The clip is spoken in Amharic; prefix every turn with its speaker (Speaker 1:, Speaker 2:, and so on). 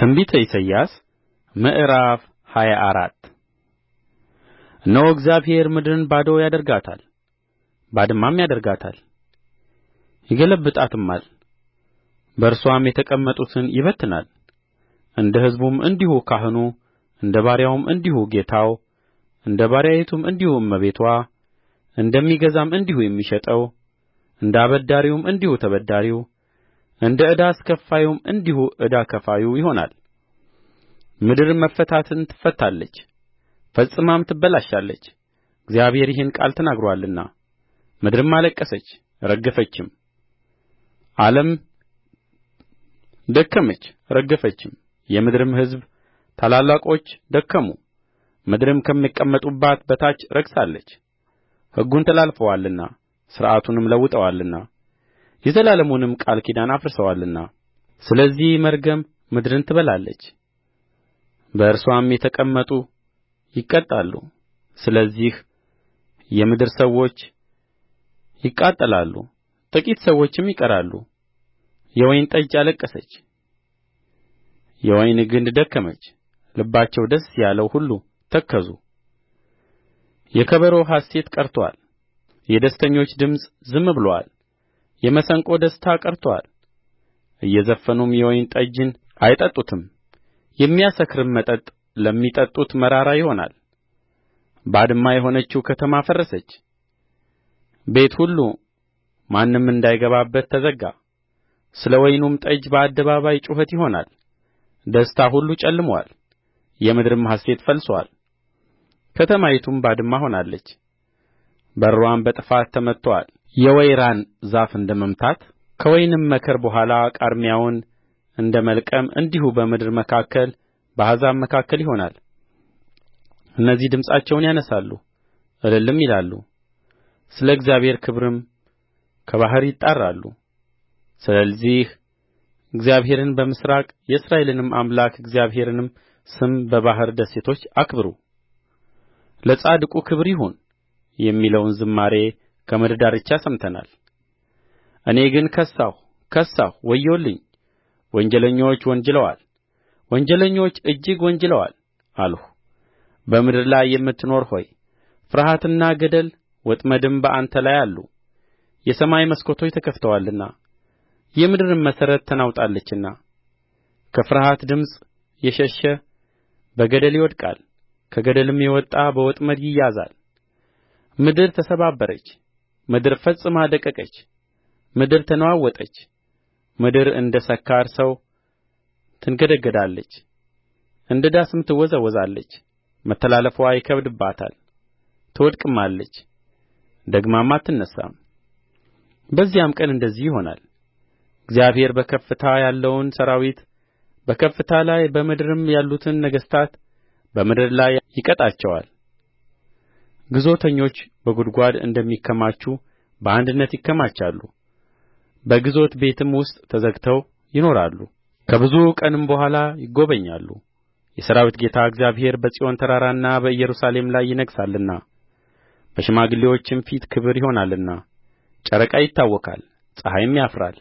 Speaker 1: ትንቢተ ኢሳይያስ ምዕራፍ ሃያ አራት እነሆ እግዚአብሔር ምድርን ባዶ ያደርጋታል ባድማም ያደርጋታል ይገለብጣትማል በእርስዋም የተቀመጡትን ይበትናል እንደ ሕዝቡም እንዲሁ ካህኑ እንደ ባሪያውም እንዲሁ ጌታው እንደ ባሪያይቱም እንዲሁ እመቤቷ እንደሚገዛም እንዲሁ የሚሸጠው እንደ አበዳሪውም እንዲሁ ተበዳሪው እንደ ዕዳ አስከፋዩም እንዲሁ ዕዳ ከፋዩ ይሆናል ምድር መፈታትን ትፈታለች ፈጽማም ትበላሻለች እግዚአብሔር ይህን ቃል ተናግሮአልና ምድርም አለቀሰች ረገፈችም ዓለም ደከመች ረገፈችም የምድርም ሕዝብ ታላላቆች ደከሙ ምድርም ከሚቀመጡባት በታች ረክሳለች ሕጉን ተላልፈዋልና ሥርዓቱንም ለውጠዋልና የዘላለሙንም ቃል ኪዳን አፍርሰዋልና ስለዚህ መርገም ምድርን ትበላለች በእርስዋም የተቀመጡ ይቀጣሉ ስለዚህ የምድር ሰዎች ይቃጠላሉ ጥቂት ሰዎችም ይቀራሉ የወይን ጠጅ አለቀሰች የወይን ግንድ ደከመች ልባቸው ደስ ያለው ሁሉ ተከዙ የከበሮ ሐሴት ቀርቶአል የደስተኞች ድምፅ ዝም ብሎአል የመሰንቆ ደስታ ቀርቶአል እየዘፈኑም የወይን ጠጅን አይጠጡትም የሚያሰክርም መጠጥ ለሚጠጡት መራራ ይሆናል ባድማ የሆነችው ከተማ ፈረሰች ቤት ሁሉ ማንም እንዳይገባበት ተዘጋ ስለ ወይኑም ጠጅ በአደባባይ ጩኸት ይሆናል ደስታ ሁሉ ጨልሞአል የምድርም ሐሤት ፈርሶአል ከተማይቱም ባድማ ሆናለች በርዋም በጥፋት ተመትቶአል የወይራን ዛፍ እንደ መምታት ከወይንም መከር በኋላ ቃርሚያውን እንደ መልቀም እንዲሁ በምድር መካከል በአሕዛብ መካከል ይሆናል እነዚህ ድምፃቸውን ያነሣሉ እልልም ይላሉ ስለ እግዚአብሔር ክብርም ከባሕር ይጣራሉ ስለዚህ እግዚአብሔርን በምሥራቅ የእስራኤልንም አምላክ እግዚአብሔርንም ስም በባሕር ደሴቶች አክብሩ ለጻድቁ ክብር ይሁን የሚለውን ዝማሬ ከምድር ዳርቻ ሰምተናል እኔ ግን ከሳሁ ከሳሁ ወዮልኝ ወንጀለኞች ወንጅለዋል ወንጀለኞች እጅግ ወንጅለዋል አልሁ በምድር ላይ የምትኖር ሆይ ፍርሃትና ገደል ወጥመድም በአንተ ላይ አሉ የሰማይ መስኮቶች ተከፍተዋልና የምድርም መሠረት ተናውጣለችና ከፍርሃት ድምፅ የሸሸ በገደል ይወድቃል ከገደልም የወጣ በወጥመድ ይያዛል ምድር ተሰባበረች ምድር ፈጽማ ደቀቀች ምድር ተነዋወጠች ምድር እንደ ሰካር ሰው ትንገዳገዳለች እንደ ዳስም ትወዛወዛለች መተላለፍዋ ይከብድባታል ትወድቅማለች ደግማም አትነሣም በዚያም ቀን እንደዚህ ይሆናል እግዚአብሔር በከፍታ ያለውን ሠራዊት በከፍታ ላይ በምድርም ያሉትን ነገሥታት በምድር ላይ ይቀጣቸዋል ግዞተኞች በጕድጓድ እንደሚከማቹ በአንድነት ይከማቻሉ በግዞት ቤትም ውስጥ ተዘግተው ይኖራሉ ከብዙ ቀንም በኋላ ይጐበኛሉ የሠራዊት ጌታ እግዚአብሔር በጽዮን ተራራና በኢየሩሳሌም ላይ ይነግሣልና በሽማግሌዎችም ፊት ክብር ይሆናልና ጨረቃ ይታወካል ፀሐይም ያፍራል